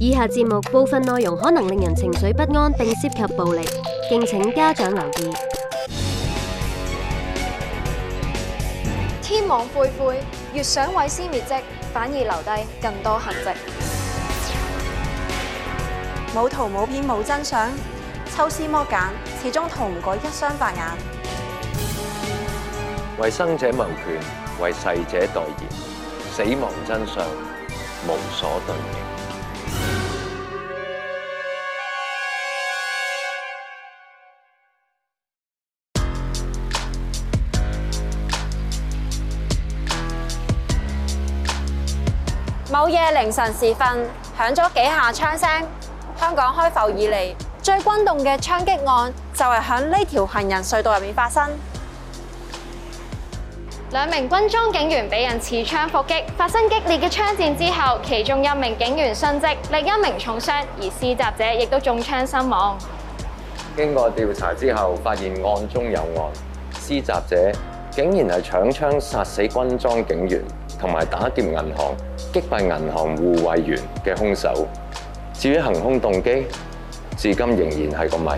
以下節目部分內容可能令人情緒不安，並涉及暴力，敬請家長留意。天網恢恢，越想毀屍滅跡，反而留低更多痕跡。冇圖冇片冇真相，抽絲剝繭，始終逃唔過一雙法眼。為生者謀權，為逝者代言，死亡真相無所遁形。嘅凌晨時分，響咗幾下槍聲。香港開埠以嚟最轟動嘅槍擊案，就係響呢條行人隧道入面發生。兩名軍裝警員俾人持槍伏擊，發生激烈嘅槍戰之後，其中一名警員殉職，另一名重傷，而施襲者亦都中槍身亡。經過調查之後，發現案中有案，施襲者竟然係搶槍殺死軍裝警員，同埋打劫銀行。擊斃銀行護衞員嘅兇手，至於行兇動機，至今仍然係個謎。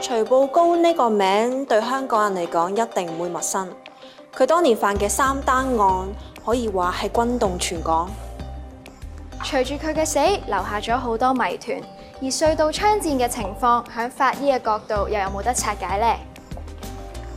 徐步高呢個名對香港人嚟講一定唔會陌生。佢當年犯嘅三單案可以話係轟動全港。隨住佢嘅死，留下咗好多謎團。而隧道槍戰嘅情況，響法醫嘅角度又有冇得拆解呢？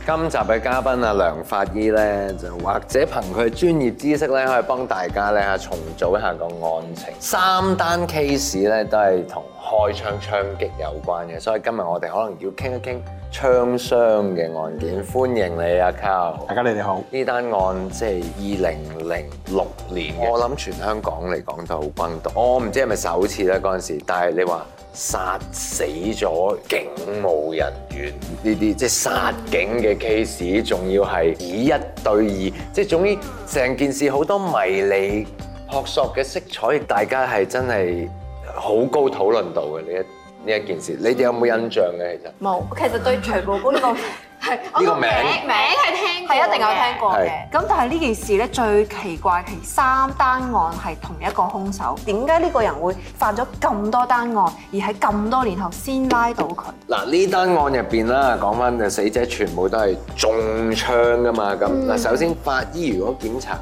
今集嘅嘉賓阿梁法醫呢，就或者憑佢專業知識呢，可以幫大家呢，重組一下個案情。三單 case 呢，都係同開槍槍擊有關嘅，所以今日我哋可能要傾一傾。槍傷嘅案件，歡迎你阿 Carl 大家你哋好。呢單案即係二零零六年 我諗全香港嚟講都好轟動。我唔知係咪首次啦，嗰陣時，但係你話殺死咗警務人員呢啲，即係殺警嘅 case，仲要係以一對二，即係總之成件事好多迷離撲朔嘅色彩，大家係真係好高討論度嘅呢一。呢一件事，你哋有冇印象嘅？其實冇，其實 對徐步高個係呢個名名係聽係一定有聽過嘅。咁是但係呢件事咧最奇怪係三單案係同一個兇手，點解呢個人會犯咗咁多單案，而喺咁多年後先拉到佢？嗱、 啊，呢單案入邊啦，講翻就死者全部都係中槍㗎嘛。咁嗱，嗯、首先法醫如果檢查。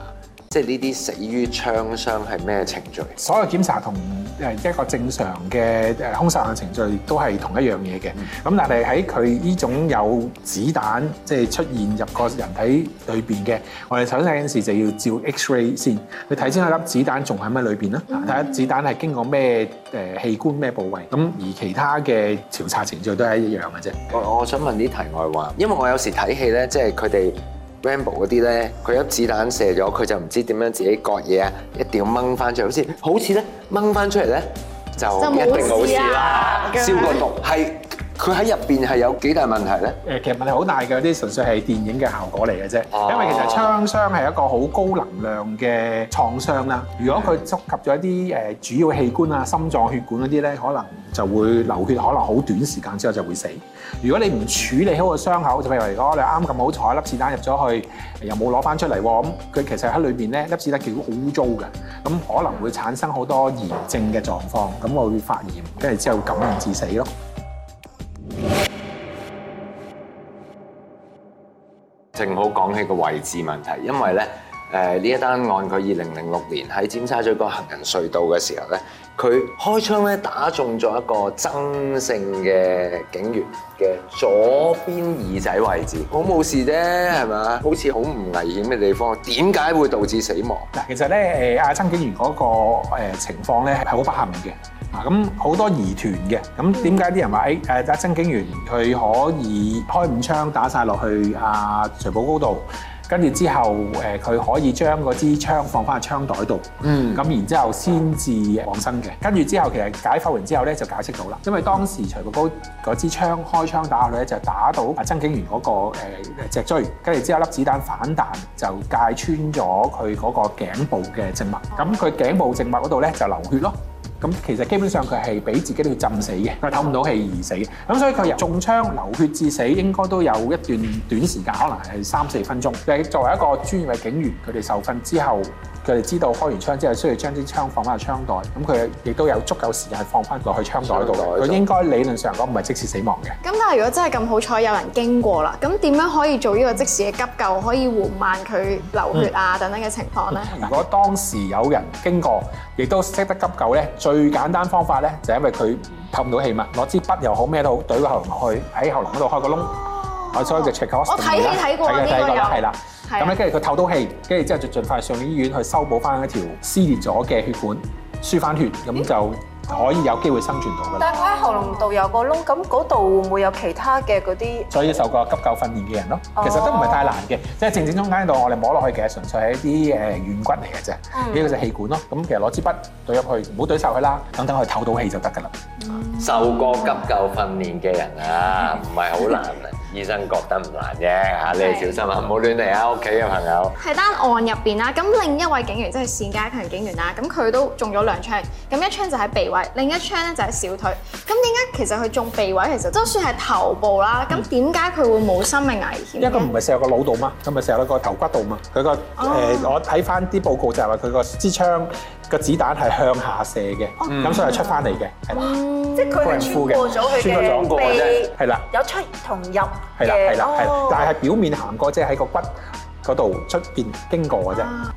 即係呢啲死於槍傷係咩程序？所有檢查同誒一個正常嘅誒兇殺嘅程序都係同一樣嘢嘅。咁、嗯、但係喺佢呢種有子彈即係出現入個人體裏邊嘅，我哋首先嗰陣時就要照 X ray 先看看，你睇清一粒子彈仲喺咩裏邊啦？睇下子彈係經過咩誒器官，咩部位。咁而其他嘅調查程序都係一樣嘅啫。我我想問啲題外話，因為我有時睇戲咧，即係佢哋。Rambo 嗰啲咧，佢一子彈射咗，佢就唔知點樣自己割嘢啊！一定要掹翻出嚟先，好似咧掹翻出嚟咧就，就一定冇事啦，消過毒係。佢喺入邊係有幾大問題咧？誒，其實問題好大嘅，嗰啲純粹係電影嘅效果嚟嘅啫。因為其實槍傷係一個好高能量嘅創傷啦。如果佢觸及咗一啲誒主要器官啊、心臟血管嗰啲咧，可能就會流血，可能好短時間之後就會死。如果你唔處理好個傷口，就譬如如果你啱咁好彩，粒子彈入咗去，又冇攞翻出嚟喎，咁佢其實喺裏邊咧，粒子彈其實好污糟嘅，咁可能會產生好多炎症嘅狀況，咁我會發炎，跟住之後感染致死咯。正好講起個位置問題，因為咧誒呢、呃、一單案佢二零零六年喺尖沙咀個行人隧道嘅時候咧，佢開槍咧打中咗一個曾姓嘅警員嘅左邊耳仔位置，好冇事啫，係咪？好似好唔危險嘅地方，點解會導致死亡？嗱，其實咧誒阿曾警員嗰個情況咧係好不幸嘅。嗯哎、啊，咁好多疑團嘅，咁點解啲人話誒誒，阿曾警員佢可以開五槍打晒落去阿徐、啊、步高度，跟住之後誒佢、啊、可以將嗰支槍放翻喺槍袋度，嗯，咁然後之後先至往生嘅。跟住之後其實解剖完之後咧就解釋到啦，因為當時徐步高嗰支槍開槍打落去咧就打到阿、啊、曾警員嗰個、啊、脊椎，跟住之後粒子彈反彈就界穿咗佢嗰個頸部嘅靜脈，咁佢頸部靜脈嗰度咧就流血咯。咁其實基本上佢係俾自己都要浸死嘅，佢唞唔到氣而死嘅。咁所以佢由中槍流血致死，應該都有一段短時間，可能係三四分鐘。你作為一個專業嘅警員，佢哋受訓之後，佢哋知道開完槍之後需要將支槍放翻入槍袋，咁佢亦都有足夠時間放翻落去槍袋度。佢應該理論上講唔係即時死亡嘅。咁但係如果真係咁好彩有人經過啦，咁點樣可以做呢個即時嘅急救，可以緩慢佢流血啊等等嘅情況咧？如果當時有人經過，亦都識得急救咧，最簡單方法咧就係因為佢透唔到氣嘛，攞支筆又好咩都好，對個喉嚨落去喺喉嚨嗰度開個窿，我睇你睇過我已經有。咁咧，跟住佢透到氣，跟住之後就盡快上醫院去修補翻一條撕裂咗嘅血管，輸翻血，咁就可以有機會生存到噶啦。但係喺喉嚨度有個窿，咁嗰度會唔會有其他嘅嗰啲？所以受過急救訓練嘅人咯，其實都唔係太難嘅，即係正正中間度，我哋摸落去其實純粹係一啲誒軟骨嚟嘅啫，呢個就氣管咯。咁其實攞支筆對入去，唔好對曬佢啦，等等佢透到氣就得㗎啦。受過急救訓練嘅人啊，唔係好難。醫生覺得唔難啫嚇，你哋小心啊，唔好亂嚟啊，屋企嘅朋友。喺單案入邊啦，咁另一位警員即係冼家強警員啦，咁佢都中咗兩槍，咁一槍就喺鼻位，另一槍咧就喺小腿。咁點解其實佢中鼻位其實都算係頭部啦？咁點解佢會冇生命危險？一個唔係射喺個腦度嘛？咁咪射喺個頭骨度嘛。佢個誒，我睇翻啲報告就係話佢個支槍。個子彈係向下射嘅，咁、嗯、所以出翻嚟嘅，嗯、的即係佢係穿過咗佢嘅啫。係啦被，的有出同入嘅，哦、但係表面行過，嗯、即係喺個骨嗰度出邊經過嘅啫。啊。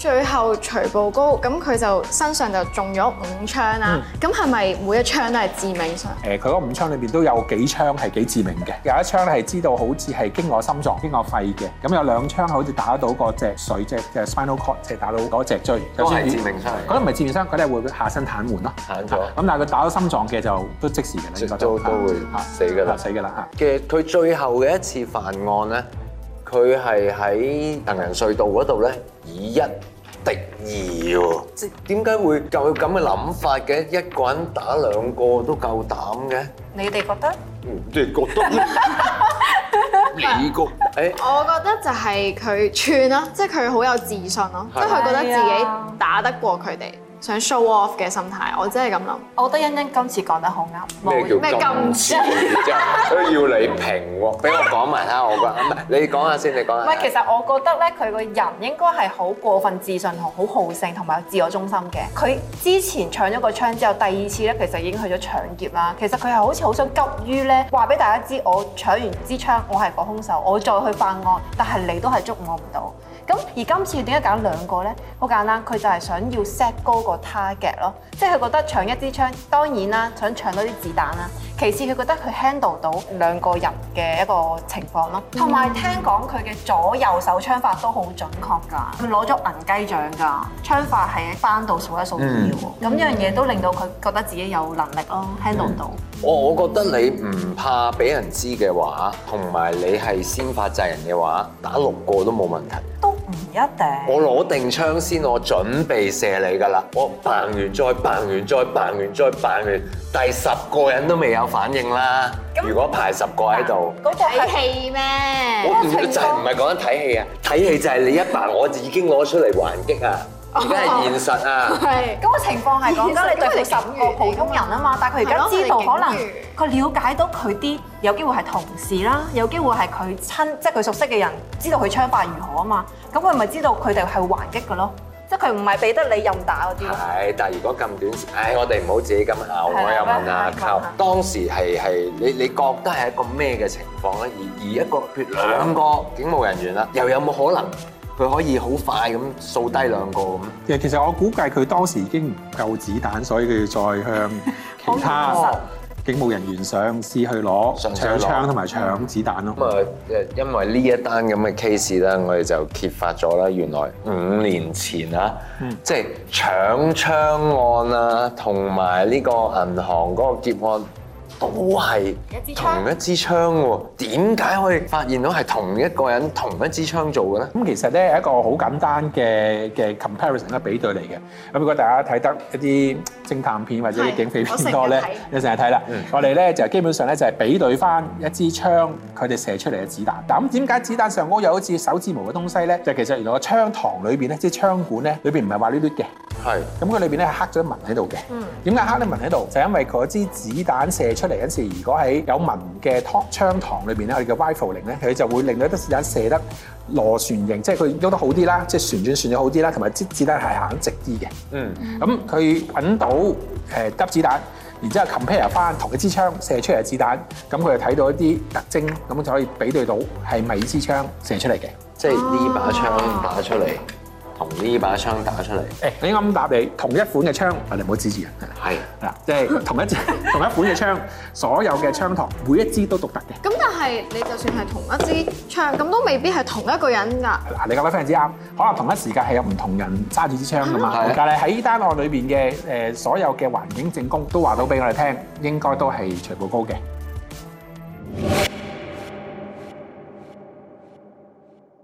最後徐步高，咁佢就身上就中咗五槍啦。咁係咪每一槍都係致命傷？誒，佢嗰五槍裏邊都有幾槍係幾致命嘅。有一槍咧係知道好似係經過心臟、經過肺嘅。咁有兩槍好似打到個脊髓，即係 spinal cord，即係打到嗰隻椎。嗰個係致命傷。嗰個唔係致命傷，佢啲係會下身癱瘓咯。癱咗。咁但係佢打到心臟嘅就都即時嘅，你覺得？都都會嚇死㗎啦，死㗎啦嚇。嘅佢最後嘅一次犯案咧，佢係喺行人隧道嗰度咧，以一敵意喎，點解、哦、即會有咁嘅諗法嘅？一個人打兩個都夠膽嘅，你哋覺得？嗯，你覺得？美 個誒？我覺得就係佢串咯，即係佢好有自信咯，即係佢覺得自己打得過佢哋。想 show off 嘅心態，我真係咁諗。我覺得欣欣今次講得好啱。冇咩今次？需 要你平喎，俾 我講埋下我覺得。你講下先，你講下。唔係，其實我覺得咧，佢個人應該係好過分自信同好好勝同埋有自我中心嘅。佢之前搶咗個槍之後，第二次咧其實已經去咗搶劫啦。其實佢係好似好想急於咧話俾大家知，我搶完支槍，我係個兇手，我再去犯案，但係你都係捉我唔到。咁而今次點解揀兩個咧？好簡單，佢就係想要 set 高個 target 咯，即係佢覺得搶一支槍，當然啦，想搶多啲子彈啦。其次佢覺得佢 handle 到兩個人嘅一個情況咯，同埋聽講佢嘅左右手槍法都好準確㗎，佢攞咗銀雞獎㗎，槍法喺班度數一數二喎。咁呢、嗯、樣嘢都令到佢覺得自己有能力咯，handle 到。我、嗯、我覺得你唔怕俾人知嘅話，同埋你係先發制人嘅話，打六個都冇問題。都一定，我攞定槍先，我準備射你㗎啦。我扮完再扮完再扮完再扮完，完，第十個人都未有反應啦。那如果排十個喺度，嗰睇、嗰個、戲咩？我唔國就係唔係講緊睇戲啊？睇戲就係你一扮，我就已經攞出嚟還擊啊！而家係現實啊！咁個情況係講緊你都係十五個普通人啊嘛，但係佢而家知道可能佢瞭解到佢啲有機會係同事啦，有機會係佢親即係佢熟悉嘅人知道佢槍法如何啊嘛，咁佢咪知道佢哋係還擊㗎囉？即係佢唔係俾得你任打嗰啲。係，但係如果咁短時，誒，我哋唔好自己咁咬我又問啊，靠！當時係係你你覺得係一個咩嘅情況咧？而而一個奪兩個警務人員啦，又有冇可能？佢可以好快咁掃低兩個咁。誒、嗯，其實我估計佢當時已經唔夠子彈，所以佢要再向其他警務人員上士去攞搶槍同埋搶子彈咯。咁啊、嗯嗯嗯，因為呢一單咁嘅 case 咧，我哋就揭發咗啦。原來五年前啊，嗯、即係搶槍案啊，同埋呢個銀行嗰個劫案。都係同一支槍喎，點解可以發現到係同一個人同一支槍做嘅咧？咁其實咧，係一個好簡單嘅嘅 comparison，一比對嚟嘅。咁如果大家睇得一啲偵探片或者啲警匪片的多咧了，你成日睇啦，我哋咧就基本上咧就係比對翻一支槍佢哋射出嚟嘅子彈。咁點解子彈上高有一支手指模嘅東西咧？就係、其實原來個槍膛裏邊咧，即係槍管咧，裏邊唔係滑溜溜嘅。係，咁佢裏邊咧刻咗啲紋喺度嘅。點解、嗯、刻啲紋喺度？就係、因為嗰支子彈射出嚟嗰時，如果喺有紋嘅槍膛裏邊咧，佢嘅 rifling 咧，佢就會令到一啲子彈射得螺旋形，即係佢喐得好啲啦，即、就、係、係、旋轉旋咗好啲啦，同埋啲子彈係行直啲嘅。嗯，咁佢揾到誒揼子彈，然之後 compare 翻同一支槍射出嚟嘅子彈，咁佢就睇到一啲特徵，咁就可以比對到係咪支槍射出嚟嘅，嗯、即係呢把槍打出嚟。同呢把槍打出嚟，誒、欸，你啱啱答你，同一款嘅槍，你唔好指住人，係係即係同一隻同一款嘅槍， 所有嘅槍堂每一支都獨特嘅。咁但係你就算係同一支槍，咁都未必係同一個人㗎。係，你覺得非常之啱，可能同一時間係有唔同人揸住支槍㗎嘛。但係喺呢單案裏邊嘅誒，所有嘅環境證供都話到俾我哋聽，應該都係徐步高嘅。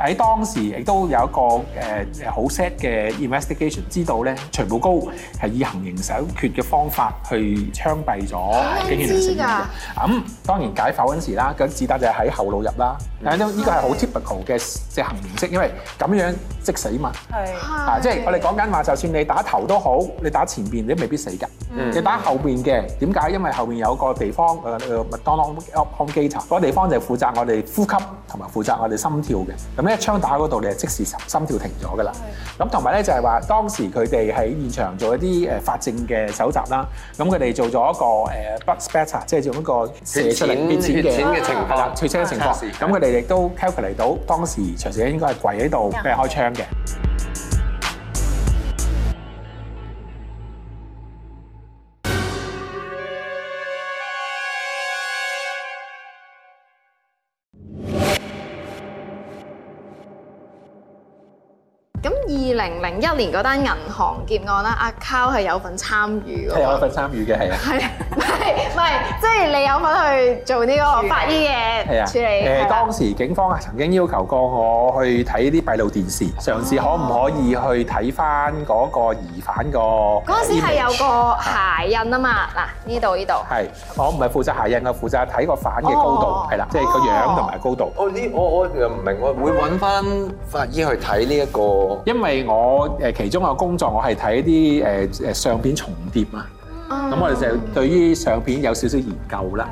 喺當時亦都有一個誒好 sad 嘅 investigation，知道咧徐步高係以行刑手決嘅方法去槍斃咗。我知㗎。咁當然解剖嗰時啦，嗰啲子彈就喺後腦入啦。但係都呢個係好 typical 嘅即係行刑式，因為咁樣即死嘛。係啊，即係我哋講緊話，就算你打頭都好，你打前邊你都未必死㗎。你打後邊嘅點解？因為後邊有個地方誒 medulla oblongata 嗰個地方就負責我哋呼吸同埋負責我哋心跳嘅。咁咧。一槍打嗰度，你係即時心心跳停咗噶啦。咁同埋咧就係話，當時佢哋喺現場做一啲誒法證嘅搜集啦。咁佢哋做咗一個誒 box better，即係用一個攝影攝影嘅情況，攝影嘅情況。咁佢哋亦都 calculate 到當時徐子傑應該係跪喺度，俾人開槍嘅。零零一年嗰單銀行劫案啦，阿 cow 係有份參與嘅，係有份參與嘅，係啊，係，唔係，即係你有份去做呢個法醫嘅？係啊，處理誒當時警方啊曾經要求過我去睇啲閉路電視，嘗試可唔可以去睇翻嗰個疑犯個嗰陣時係有個鞋印啊嘛，嗱呢度呢度係，我唔係負責鞋印啊，負責睇個犯嘅高度係啦，即係個樣同埋高度。哦，呢我我又唔明喎，會揾翻法醫去睇呢一個，因為。我誒其中一個工作，我係睇一啲誒誒相片重疊啊，咁、嗯、我哋就對於相片有少少研究啦。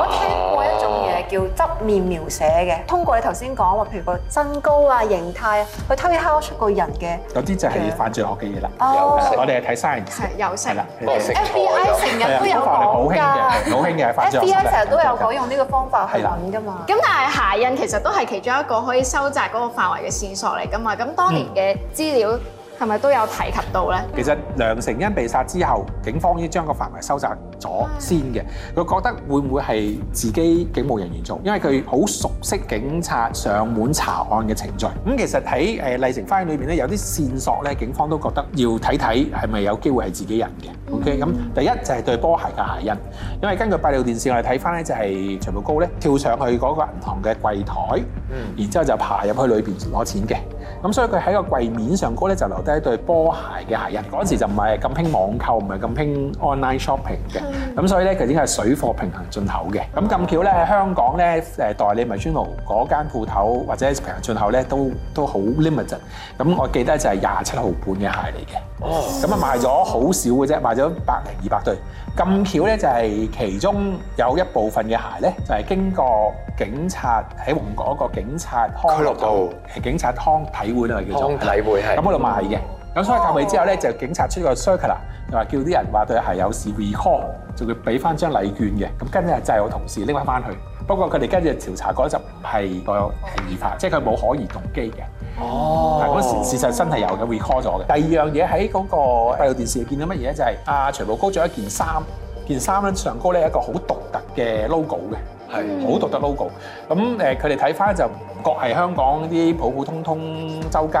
我聽過一種嘢叫側面描寫嘅，通過你頭先講話，譬如個身高啊、形態啊，去推敲出個人嘅有啲就係犯罪學嘅嘢啦。哦，我哋係睇 science 係有成。係啦，FBI 成日都有用呢個方法，好興嘅，好興嘅。FBI 成日都有講用呢個方法去揾㗎嘛。咁但係鞋印其實都係其中一個可以收窄嗰個範圍嘅線索嚟㗎嘛。咁當年嘅資料係咪都有提及到咧？其實梁成恩被殺之後，警方已經將個範圍收窄咗先嘅，佢覺得會唔會係自己警務人員做？因為佢好熟悉警察上門查案嘅程序。咁其實喺誒麗城花園裏邊咧，有啲線索咧，警方都覺得要睇睇係咪有機會係自己人嘅。OK，咁第一就係對波鞋嘅鞋印，因為根據閉路電視我哋睇翻咧，就係徐步高咧跳上去嗰個銀行嘅櫃台，嗯，然之後就爬入去裏邊攞錢嘅。咁所以佢喺個櫃面上高咧就留低對波鞋嘅鞋印。嗰時就唔係咁興網購，唔係咁興 online shopping 嘅。咁、嗯、所以咧，其實應該係水貨平衡進口嘅。咁咁巧咧，香港咧誒代理咪專奴嗰間鋪頭或者平衡進口咧，都都好 limited。咁我記得就係廿七號半嘅鞋嚟嘅。哦。咁啊、哦、賣咗好少嘅啫，賣咗百零二百對。咁、嗯、巧咧，就係、是、其中有一部分嘅鞋咧，就係、是、經過警察喺旺角一個警察俱樂部，係警察康體會啦，叫做。康體會係，咁度賣嘅。咁所以戒尾之後咧，就警察出個 circular，就話叫啲人話佢係有事 recall 就會俾翻張禮券嘅。咁跟住就係我同事拎翻翻去。不過佢哋跟住調查覺得唔係個疑犯，即係佢冇可疑動機嘅。哦、oh.，嗱，咁事事實真係有嘅 recall 咗嘅。Oh. 第二樣嘢喺嗰個閉路是電視見到乜嘢咧？就係、是、阿徐步高著一件衫，件衫咧上高咧一個好獨特嘅 logo 嘅。係好獨特 logo，咁誒佢哋睇翻就，覺係香港啲普普通通周街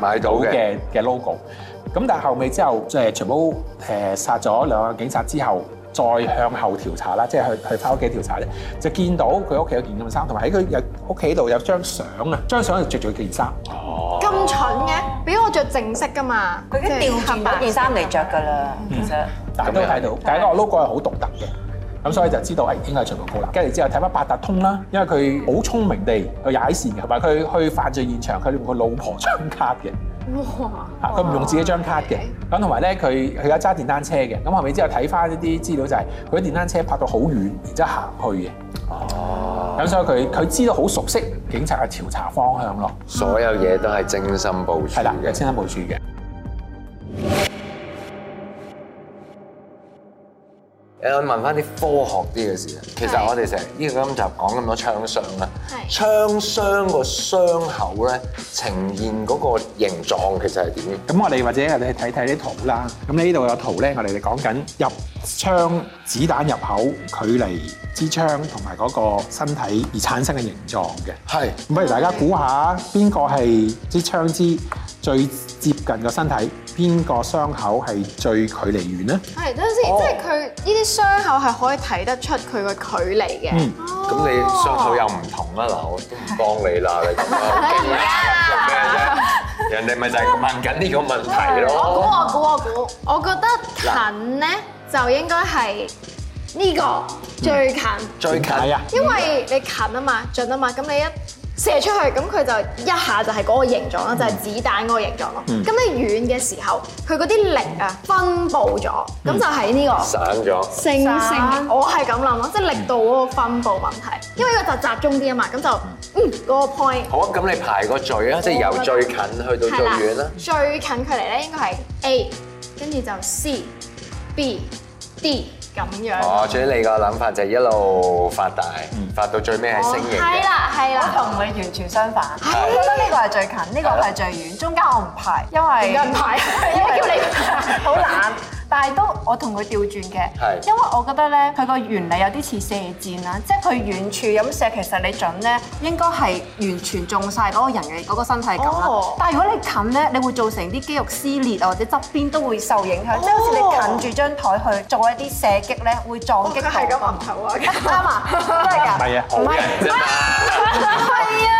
買到嘅嘅 logo，咁但係後尾之後即係全部誒殺咗兩個警察之後，再向後調查啦，即係去去翻屋企調查咧，就見到佢屋企嗰件衫，同埋喺佢有屋企度有張相啊，張相就著咗件衫，咁蠢嘅，俾我著正式㗎嘛，佢已經掉翻嗰件衫嚟著㗎啦，其實，大家都睇到，但係呢個 logo 係好獨特嘅。咁所以就知道係應該係徐步高啦。跟住之後睇翻八達通啦，因為佢好聰明地去踩線嘅，同埋佢去犯罪現場佢用個老婆張卡嘅。哇！嚇，佢唔用自己張卡嘅。咁同埋咧，佢佢有揸電單車嘅。咁後尾之後睇翻一啲資料就係佢啲電單車拍到好遠，然之後行去嘅。哦、啊。咁所以佢佢知道好熟悉警察嘅調查方向咯。所有嘢都係精心部署嘅，係啦，精心部署嘅。誒我問翻啲科學啲嘅事啊！是其實我哋成日呢個今集講咁多槍傷啦，是槍傷個傷口咧呈現嗰個形狀其實係點嘅？咁我哋或者我哋去睇睇啲圖啦。咁呢度有圖咧，我哋哋講緊入槍子彈入口距離支槍同埋嗰個身體而產生嘅形狀嘅。係是。咁不如大家估下邊個係支槍支最接近個身體？邊個傷口係最距離遠呢？係，等陣先，即係佢呢啲傷口係可以睇得出佢個距離嘅。嗯，咁你傷口又唔同啦，嗱，我都唔幫你啦，你咁啦。可以啊！人哋咪就係問緊呢個問題咯。我估，我估，我估，我覺得近呢就應該係呢個最近，最近，因為你近啊嘛，盡啊嘛，咁你一。射出去咁佢就一下就係嗰個形狀咯，嗯、就係子彈嗰個形狀咯。咁你遠嘅時候，佢嗰啲力啊，分佈咗，咁、嗯、就係呢、呢個散咗，星星。我係咁諗咯，即係力度嗰個分佈問題，因為一個就集中啲啊嘛，咁就嗯嗰、嗰個 point。好啊，咁你排個序啊，即係、就係、由最近去到最遠啦、啊。最近距離咧應該係 A，跟住就 C、B、D。咁樣，哦，最你個諗法就係一路發大，嗯、發到最尾係升型嘅。係啦，係啦，同你完全相反。嗎我覺得呢個係最近，呢、呢個係最遠，了中間我唔排，因為唔排， 因為叫你好懶。但係都我同佢調轉嘅，是因為我覺得咧，佢個原理有啲似射箭啦，即係佢遠處咁射，其實你準咧，應該係完全中晒嗰個人嘅嗰個身體感、oh, 但係如果你近咧，你會造成啲肌肉撕裂啊，或者側邊都會受影響。即係好似你近住張台去做一啲射擊咧，會撞擊喺個門頭啊，啱啊，真係㗎？唔係，係啊。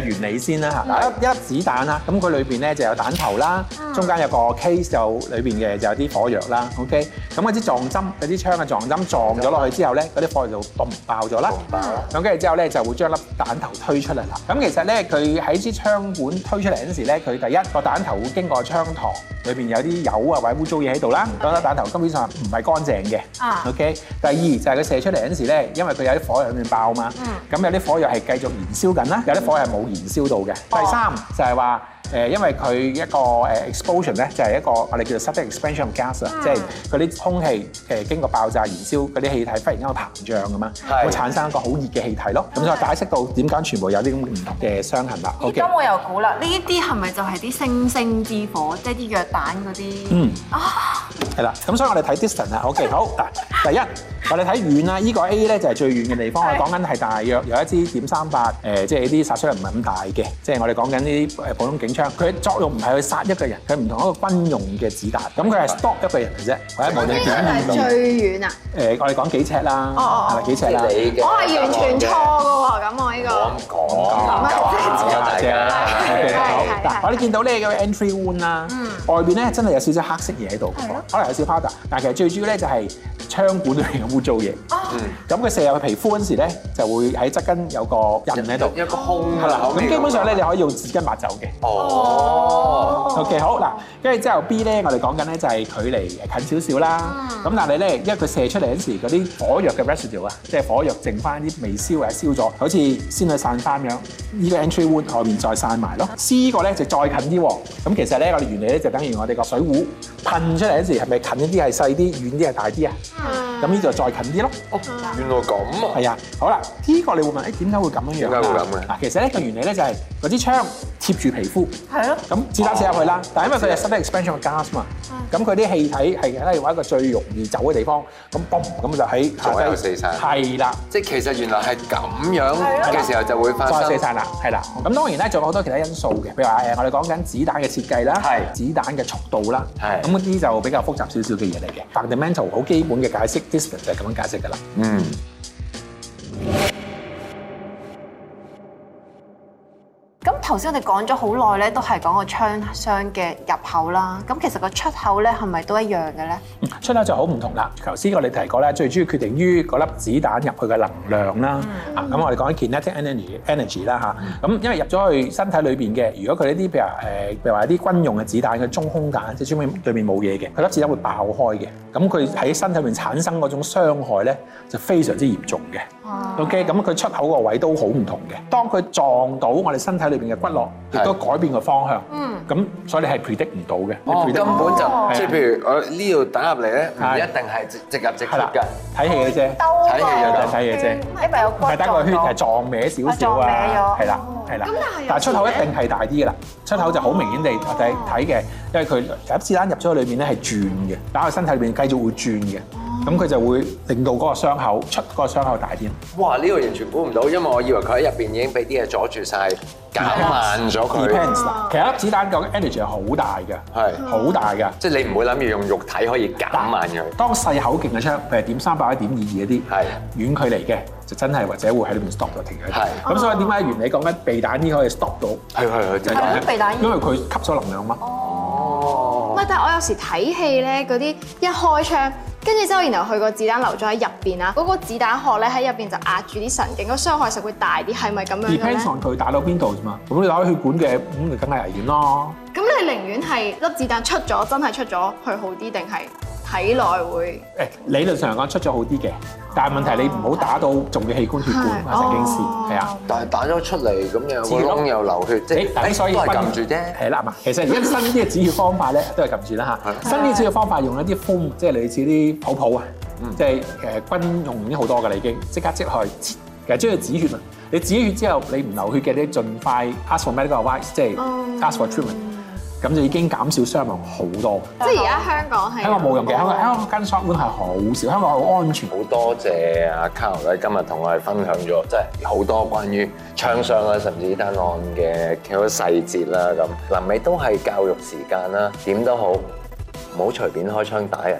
原理先啦嚇，一粒子彈啦，咁佢裏邊咧就有彈頭啦，中間有個 case 就裏邊嘅就有啲火藥啦，OK，咁嗰支撞針，嗰啲槍嘅撞針撞咗落去之後咧，嗰啲火藥就噉爆咗啦，咁跟住之後咧就會將粒彈頭推出嚟啦。咁其實咧佢喺支槍管推出嚟嗰時咧，佢第一個彈頭會經過槍膛，裏邊有啲油啊或者污糟嘢喺度啦，咁粒彈頭根本上唔係乾淨嘅，OK，第二就係佢射出嚟嗰時咧，因為佢有啲火藥裏面爆嘛，咁有啲火藥係繼續燃燒緊啦，有啲火藥係冇。燃燒到嘅，哦、第三就係話。誒，因為佢一個誒 explosion 咧，就係一個我哋叫做 sudden expansion gas 啊、嗯，即係嗰啲空氣誒經過爆炸燃燒嗰啲氣體忽然一個膨脹咁樣，是會產生一個好熱嘅氣體咯。咁就、嗯、解釋到點解全部有啲咁唔同嘅傷痕啦。咁、嗯、Okay. 我又估啦，呢啲係咪就係啲星星之火，即係啲藥彈嗰啲？嗯，係啦、oh.。咁所以我哋睇 distance 啊，OK，好。 第一，我哋睇遠啦。呢、這個 A 咧就係最遠嘅地方。 我哋講緊係大約有一支點三八誒，即係啲殺傷力唔係咁大嘅。即係我哋講緊呢啲誒普通警。佢作用唔係去殺一個人，佢唔同一個軍用嘅子彈，咁佢係 stop 一個人嘅啫，或者無論點遠唔遠。誒，我哋講幾尺啦，係咪幾尺啦？我係完全錯嘅喎，咁我呢個講講講真嘅，我哋見到呢個 entry wound 啦，外邊咧真係有少少黑色嘢喺度，可能有少 powder，但係其實最主要咧就係。槍管裏面嘅污糟嘢，嗯，咁佢射入去皮膚嗰時咧，就會喺側筋有個人喺度，一個孔，係啦，咁基本上咧，你可以用紙巾抹走嘅。哦，OK，好嗱，跟住之後 B 咧，我哋講緊咧就係距離近少少啦。咁但係咧，因為佢射出嚟嗰時嗰啲火藥嘅 residue 啊，即係火藥剩翻啲未燒啊燒咗，好似先去散翻咁樣，依個 entry wound 外面再散埋咯。C 個咧就再近啲喎，咁其實咧我哋原理咧就等於我哋個水壺噴出嚟嗰時係咪近一啲係細啲，遠啲係大啲啊？咁呢度再近啲咯，哦，原來咁啊，係啊，好啦，呢個你會問，誒點解會咁樣樣？點解會咁嘅？啊，其實咧個原理咧就係嗰支槍。貼住皮膚，係咯、啊，咁子彈射入去啦。哦、但係因為佢係 special gas 嘛，咁佢啲氣體係例如話一個最容易走嘅地方，咁嘣、啊，咁就喺，全部又死晒。係啦、啊。即係其實原來係咁樣嘅時候就會發生。再死曬啦，係啦。咁、啊、當然咧仲有好多其他因素嘅，譬如話誒，我哋講緊子彈嘅設計啦，係子、啊、彈嘅速度啦，係咁嗰啲就比較複雜少少嘅嘢嚟嘅。啊、Fundamental 好基本嘅解釋，distance 就係咁樣解釋㗎啦。嗯。頭先我哋講咗好耐咧，都係講個槍傷嘅入口啦。咁其實個出口咧，係咪都一樣嘅咧？出口就好唔同啦。頭先我哋提過咧，最主要決定於嗰粒子彈入去嘅能量啦。咁、嗯啊、我哋講啲 kinetic energy energy 啦吓，咁因為入咗去身體裏邊嘅，如果佢呢啲譬如誒，譬、呃、如話一啲軍用嘅子彈嘅中空彈，即係對面對面冇嘢嘅，佢粒子彈會爆開嘅。咁佢喺身體入面產生嗰種傷害咧，就非常之嚴重嘅。嗯、OK，咁佢出口個位都好唔同嘅。當佢撞到我哋身體裏邊。嘅骨骼亦都改變個方向，咁所以你係 predict 唔到嘅。你 predict 根本就即係譬如我呢度打入嚟咧，唔一定係直入直出㗎。睇戲嘅啫，睇戲就睇睇嘢啫。因為有骨骼，係打個圈，係撞歪少少啊。係啦，係啦。但係出口一定係大啲㗎啦。出口就好明顯地睇睇嘅，因為佢粒子彈入咗去裏邊咧，係轉嘅，打去身體裏邊繼續會轉嘅。咁佢就會令到嗰個傷口出個傷口大啲。哇！呢、呢個完全估唔到，因為我以為佢喺入邊已經俾啲嘢阻住晒，減慢咗佢。啊啊、其實粒子彈嘅 energy 係好大嘅，係好是大嘅。嗯、即係你唔會諗住用肉體可以減慢佢。當細口徑嘅槍，譬如點三百一點二二嗰啲，係遠距離嘅，就真係或者會喺入面 stop 咗停咗。係是。咁所以點解原理講緊？避彈衣可以 stop 到。係係係，就係是因為避彈衣，因為佢吸咗能量嘛。哦哦但係我有時睇戲咧，嗰啲一開槍，跟住之後，然後佢個子彈留咗喺入邊啦，嗰、嗰個子彈殼咧喺入邊就壓住啲神經，個傷害實會大啲，係咪咁樣咧？而偏佢打到邊度啫嘛，如果打到血管嘅，咁就梗係危險咯。咁你寧願係粒子彈出咗，真係出咗佢好啲，定係？體內會，誒理論上嚟講出咗好啲嘅，但係問題你唔好打到重要器官血管啊，神經線係啊，但係打咗出嚟咁樣個窿又流血，誒所以係啦，唔其實而家新啲嘅止血方法咧都係撳住啦嚇，新啲止血方法用一啲風，即係類似啲泡泡啊，即係誒軍用已經好多㗎啦已經，即刻即去其實即係止血啊，你止血之後你唔流血嘅你盡快 ask for medical advice to ask for treatment。咁就已經減少傷亡好多。即係而家香港係香港冇用嘅，香港間槍案係好少，香港好安全。好多謝阿卡羅咧，今日同我哋分享咗即係好多關於槍傷啊，甚至依單案嘅幾多細節啦。咁臨尾都係教育時間啦，點都好，唔好隨便開槍打人。